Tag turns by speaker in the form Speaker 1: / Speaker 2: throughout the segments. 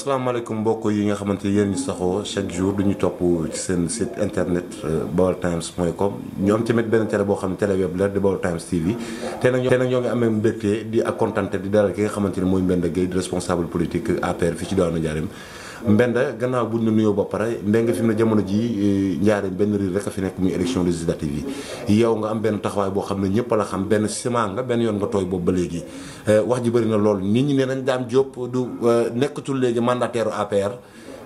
Speaker 1: asalaamaaleykum mbokk yi nga xamante yéen ñu saxoo chaque jour duñu topp ci seen site internet euh, baoltimes.com ñu am tamit benn télé boo xam ne télé web la di Baol Times TV tey nag ñoo ngi amee mbégte di ak kontaan di dalal ki nga xamante ni mooy Mbenda Gueye di responsable politique APR fii ci diwaanu Ndiarème Mbenda gannaaw buñ la nuyoo ba pare Mbengue fi mu ne jamono ji e, njaareem benn riir rek a fi nekk muy élection législative yi yow nga am benn taxawaay boo xam ne ñëpp la xam benn ciment nga benn yoon nga tooy boobu ba léegi e, wax ji bëri na loolu nit ñi nee nañ Dame jóop du e, nekkatul léegi mandataire APR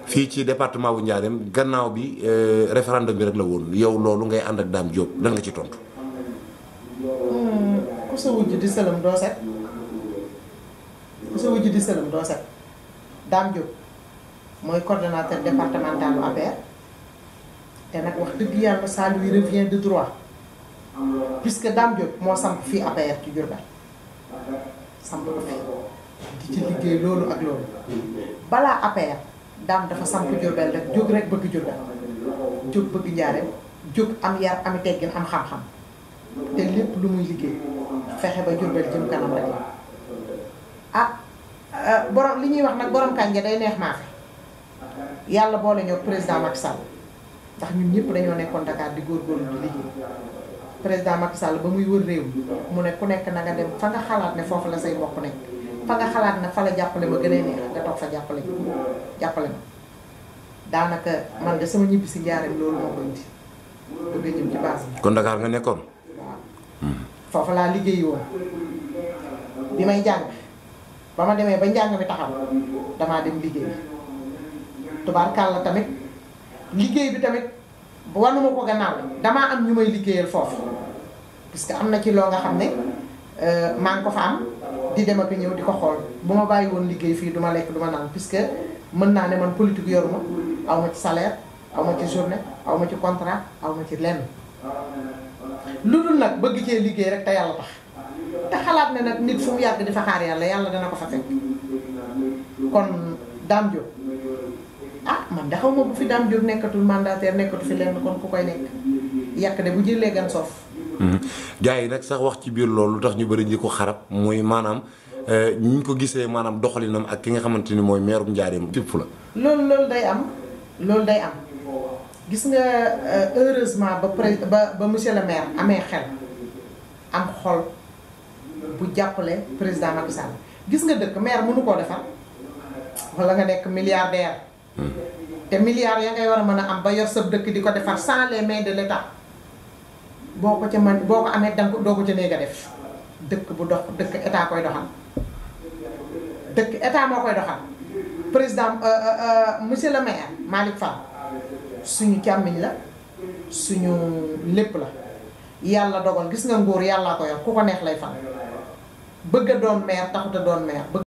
Speaker 1: fii ci département bu Njaareem gannaaw bi référendum bi rek la woon yow loolu ngay ànd ak daam Diop lan nga ci tontu.
Speaker 2: Hmm, mooy coordonnateur départemental APR te nag wax dëgg yàlla ça lui revient de droit puisque Dame Diop moo samp fii APR ci Diourbel samp loolu ak loolu balaa APR dafa samp Diourbel rek jóg rek bëgg Diourbel jóg bëgg njaareem jóg am yar ami teggin am xam-xam te lépp lu muy liggéey fexe ba Diourbel jëm kanam rek la ah, ah borom li ñuy wax nag borom kànja day neex maafe yàlla boole ñoo président Macky Sall ndax ñun ñëpp dañoo nekkoon Dakar di góorgóorlu di liggéey président Macky Sall ba muy wër réew mu ne ku nekk nanga dem fa nga xalaat ne foofu la say mbokk nekk fa nga xalaat ne fa la jàppale ma gën a neex nga toog fa jàppale ma daanaka man de sama ñibbi si njaareem loolu moo ko indi bëgg jëm ci base
Speaker 1: bi. kon Dakar nga nekkoon. waaw
Speaker 2: foofu laa liggéeyi woon bi may jàng ba ma demee ba njàng mi taxaw damaa dem liggéey. tubaarkàlla tamit liggéey bi tamit wanuma ko gannaaw damaa am ñu may liggéeyal foofu parce que am na ci loo nga xam ne euh, maa ko fa am di dem ak ñëw di ko xool bu ma bàyyi woon liggéey fii duma lekk du ma naan puisque mën naa ne man politique yoruma aw ma ci salaire aw ma ci journée aw ma ci contrat aw ma ci lenn lu dul nag bëgg cee liggéey rek te yàlla tax te xalaat ne nag nit fu mu yàgg di fa yàlla yàlla dana ko fa fekk kon daam jo ah man de xaw ma bu fi Dame Diop nekkatul mandataire nekkatu fi lenn kon ku koy nekk yàq de bu jëlee gan sof
Speaker 1: mhm. gars yi nag sax wax ci biir loolu lu tax ñu bari ñu ko xarab mooy maanaam euh, ñu ko gisee maanaam doxalinam ak ki nga xamante ni mooy meerum njaareem tipp la.
Speaker 2: loolu loolu day am loolu day am gis nga euh, heureusement ba pré ba ba monsieur le maire amee xel am xol bu jàppale président Macky gis nga dëkk maire mënu koo defar wala nga nekk milliardaire. te milliards ya ngay war a mën a am ba yor sa dëkk di ko defar sans les mains de l'État boo ko ca man boo ko amee danga ko doo ko ca néeg a def dëkk bu dox dëkk état koy doxal dëkk état moo koy doxal président euh, euh, euh, monsieur le maire Malick Fall suñu càmmiñ la suñu lépp la yàlla dogal gis nga nguur yàllaa ko yor ku ko neex lay fal bëgg a doon maire taxut a doon maire